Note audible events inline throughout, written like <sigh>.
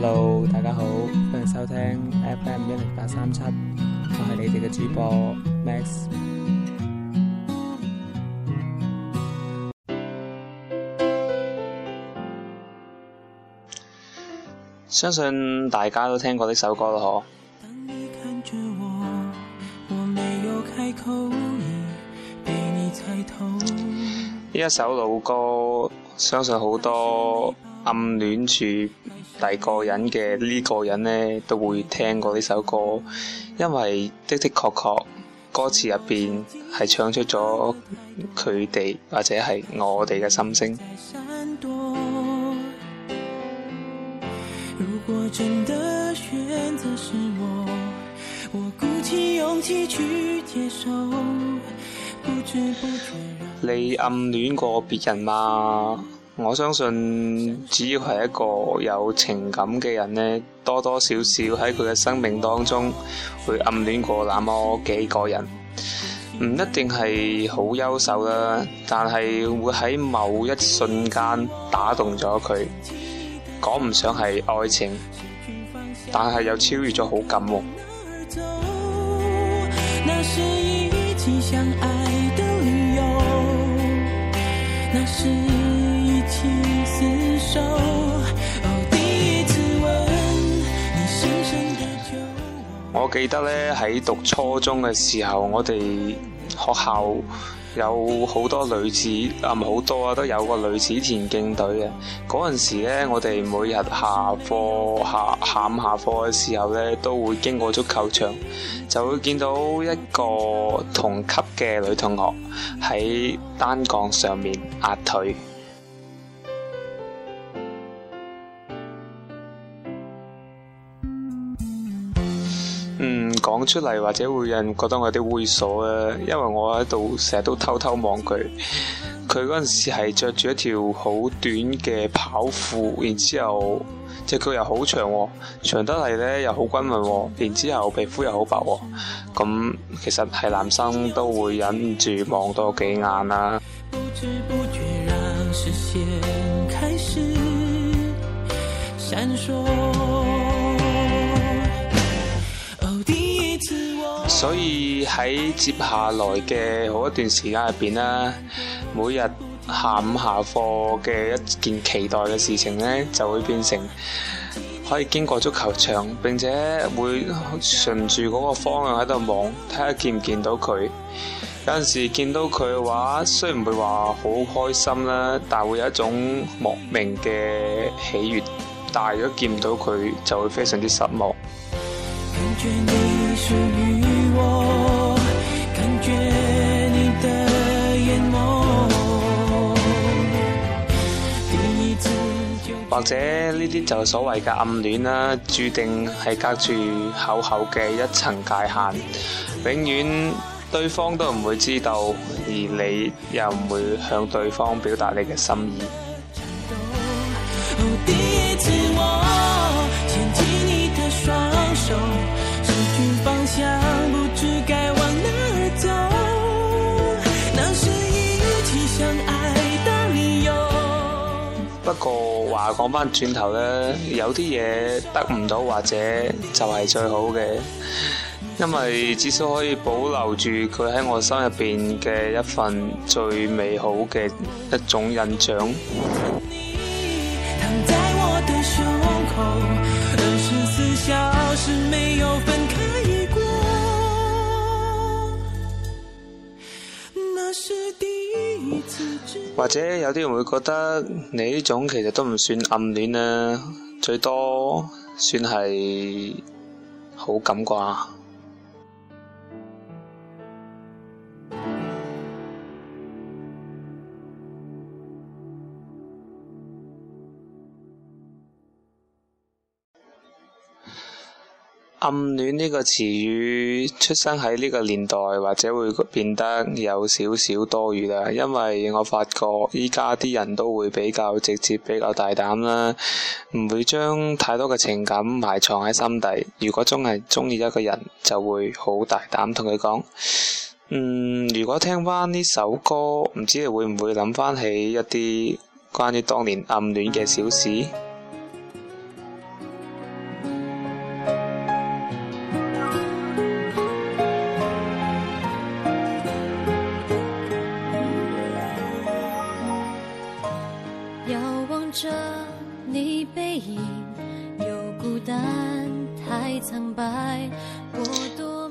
hello，大家好，歡迎收聽 FM 一零八三七，我係你哋嘅主播 Max。相信大家都聽過呢首歌咯，嗬。當你看著我，我沒有開口，已被你猜透。呢一首老歌，相信好多，暗戀住第個人嘅呢個人呢，都會聽過呢首歌，因為的的確確歌詞入邊係唱出咗佢哋或者係我哋嘅心聲。 <music> 你暗戀過別人嘛？我相信，只要係一個有情感嘅人呢，多多少少喺佢嘅生命當中，會暗戀過那麼幾個人，唔一定係好優秀啦，但係會喺某一瞬間打動咗佢，講唔上係愛情，但係又超越咗好感。我記得咧，喺讀初中嘅時候，我哋學校有好多女子，唔、啊、好多啊，都有個女子田徑隊嘅。嗰陣時咧，我哋每日下課下下午下課嘅時候咧，都會經過足球場，就會見到一個同級嘅女同學喺單槓上面壓腿。嗯，講出嚟或者會有人覺得我有啲猥瑣啊，因為我喺度成日都偷偷望佢。佢嗰陣時係着住一條好短嘅跑褲，然之後隻腳又好長，長得嚟咧又好均匀，然之後皮膚又好白，咁其實係男生都會忍唔住望多幾眼啦，啊。不知不覺讓所以喺接下來嘅好一段時間入邊啦，每日下午下課嘅一件期待嘅事情咧，就會變成可以經過足球場，並且會順住嗰個方向喺度望，睇下見唔見到佢。有陣時見到佢嘅話，雖然唔會話好開心啦，但會有一種莫名嘅喜悅。但係如果見唔到佢，就會非常之失望。或者呢啲就所謂嘅暗戀啦，注定係隔住厚厚嘅一層界限，永遠對方都唔會知道，而你又唔會向對方表達你嘅心意。不過話講翻轉頭呢，有啲嘢，得唔到或者就係最好嘅，因為至少可以保留住佢喺我心入邊嘅一份最美好嘅一種印象。 <music> 或者有啲人會覺得你呢種其實都唔算暗戀呀，最多算係好感啩。暗戀呢個詞語出生喺呢個年代，或者會變得有少少多餘啦，因為我發覺依家啲人都會比較直接、比較大膽啦，唔會將太多嘅情感埋藏喺心底。如果真係鍾意一個人，就會好大膽同佢講。嗯，如果聽翻呢首歌，唔知你會唔會諗翻起一啲關於當年暗戀嘅小事？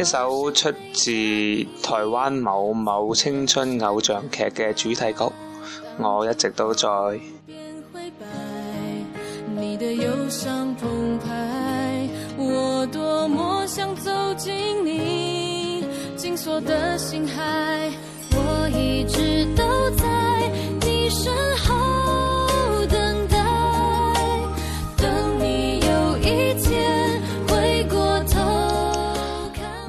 一首出自台灣某某青春偶像劇嘅主題曲，我一直都在。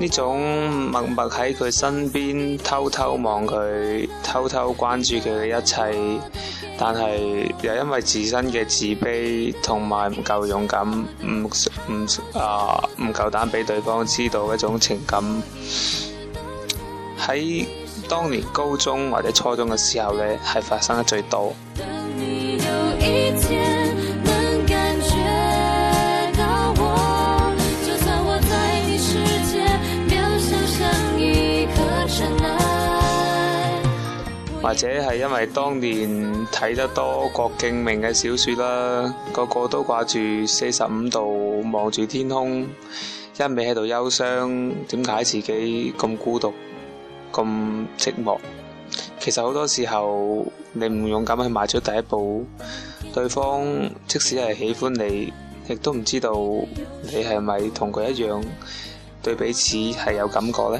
呢種默默喺佢身邊偷偷望佢、偷偷關注佢嘅一切，但係又因為自身嘅自卑同埋唔夠勇敢，唔唔啊唔夠膽俾對方知道一種情感。喺當年高中或者初中嘅時候呢，係發生得最多。或者係因為當年睇得多郭敬明嘅小說啦，個個都掛住四十五度望住天空，一味喺度憂傷，點解自己咁孤獨、咁寂寞？其實好多時候，你唔勇敢去邁出第一步，對方即使係喜歡你，亦都唔知道你係咪同佢一樣對彼此係有感覺呢。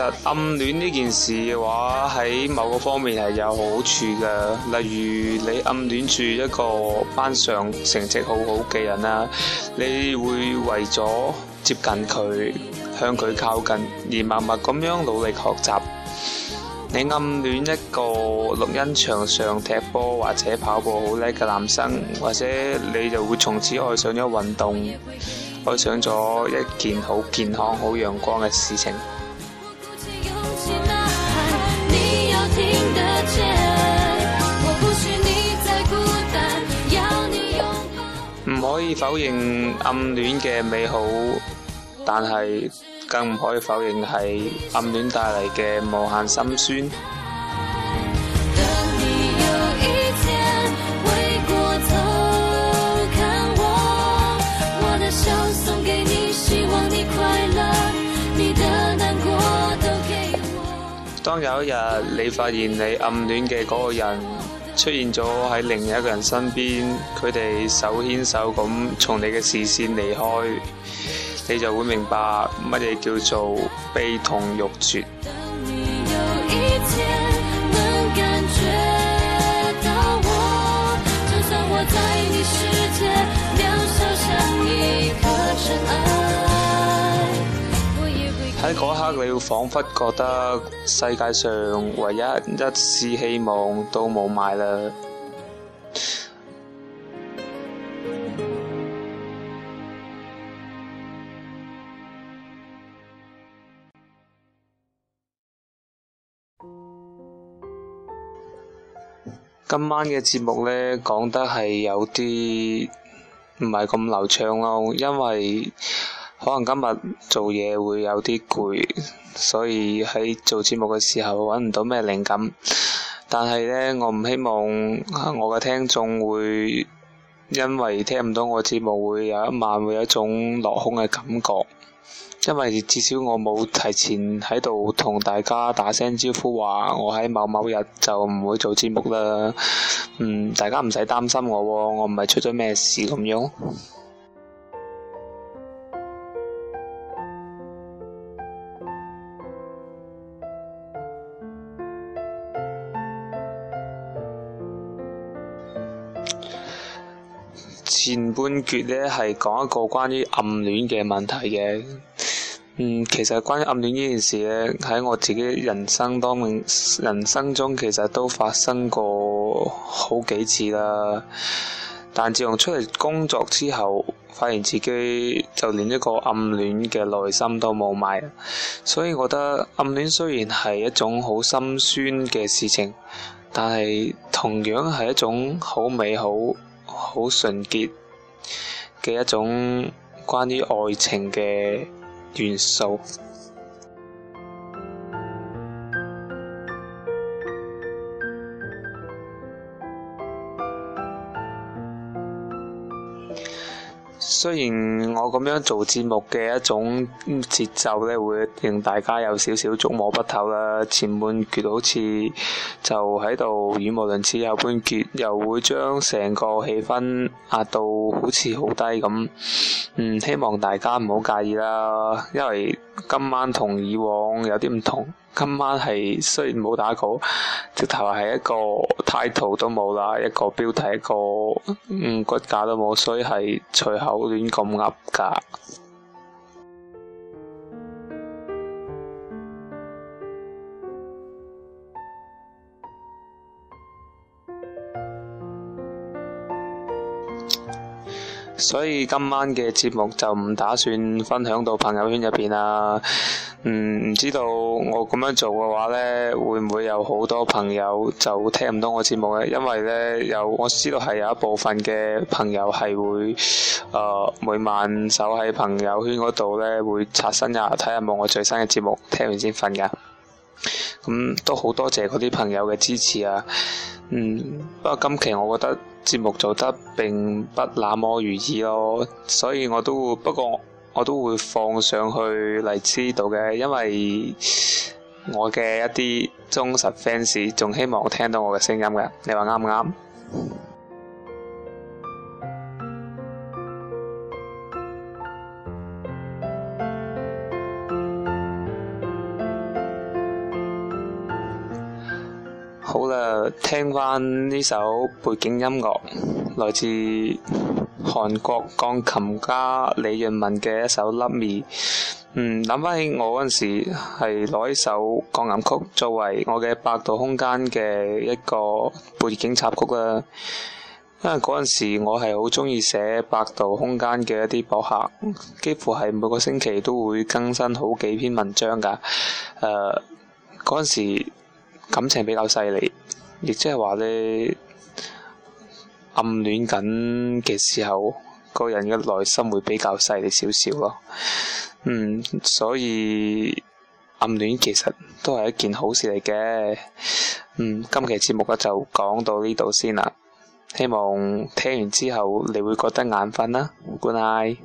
其實暗戀呢件事嘅話，喺某個方面係有好處嘅。例如你暗戀住一個班上成績好好嘅人啦，你會為咗接近佢、向佢靠近，而默默咁樣努力學習。你暗戀一個綠茵場上踢波或者跑步好叻嘅男生，或者你就會從此愛上咗運動，愛上咗一件好健康、好陽光嘅事情。可以否認暗戀嘅美好，但係更唔可以否認係暗戀帶嚟嘅無限心酸。等你有一天，回過頭看我，我的笑送畀你，希望你快樂，你嘅難過都畀我。當有一日你發現你暗戀嘅嗰個人，出現咗喺另一個人身邊，佢哋手牽手咁從你嘅視線離開，你就會明白乜嘢叫做悲痛欲絕。喺嗰刻，你會彷彿覺得世界上唯一一絲希望都冇埋啦。 <noise> 今晚嘅節目呢，講得係有啲唔係咁流暢咯，因為。可能今日做嘢會有啲攰，所以喺做節目嘅時候揾唔到咩靈感。但係呢，我唔希望我嘅聽眾會因為聽唔到我嘅節目會有一晚會有一種落空嘅感覺。因為至少我冇提前喺度同大家打聲招呼，話我喺某某日就唔會做節目啦。嗯，大家唔使擔心我喎，我唔係出咗咩事咁樣。前半段咧係講一個關於暗戀嘅問題嘅，嗯，其實關於暗戀呢件事咧，喺我自己人生當面人生中其實都發生過好幾次啦。但自從出嚟工作之後，發現自己就連一個暗戀嘅內心都冇埋，所以我覺得暗戀雖然係一種好心酸嘅事情，但係同樣係一種好美好、好純潔嘅一種關於愛情嘅元素。雖然我咁樣做節目嘅一種節奏咧，會令大家有少少捉摸不透啦。前半橛好似就喺度語無倫次，後半橛又會將成個氣氛壓到好似好低咁。嗯，希望大家唔好介意啦，因為今晚同以往有啲唔同。今晚係雖然冇打稿，直頭係一個 title 都冇啦，一個標題，一個嗯骨架都冇，所以係隨口亂咁噏㗎。所以今晚嘅節目就唔打算分享到朋友圈入邊啦。嗯，唔知道我咁樣做嘅話呢，會唔會有好多朋友就聽唔到我節目呢？因為呢，有我知道係有一部分嘅朋友係會，誒、呃、每晚守喺朋友圈嗰度呢，會刷新日下睇下冇我最新嘅節目，聽完先瞓噶。咁、嗯、都好多謝嗰啲朋友嘅支持啊。嗯，不過今期我覺得。節目做得並不那麼如意咯，所以我都會不過我都會放上去嚟，知道嘅，因為我嘅一啲忠實 fans 仲希望我聽到我嘅聲音嘅，你話啱唔啱？聽翻呢首背景音樂，來自韓國鋼琴家李潤文嘅一首《Love Me》。嗯，諗翻起我嗰陣時係攞一首鋼琴曲作為我嘅百度空間嘅一個背景插曲啦。因為嗰陣時我係好鍾意寫百度空間嘅一啲博客，幾乎係每個星期都會更新好幾篇文章噶。誒、呃，嗰陣時感情比較細膩。亦即係話咧，你暗戀緊嘅時候，個人嘅內心會比較細膩少少咯。嗯，所以暗戀其實都係一件好事嚟嘅。嗯，今期節目咧就講到呢度先啦。希望聽完之後你會覺得眼瞓啦。Good night。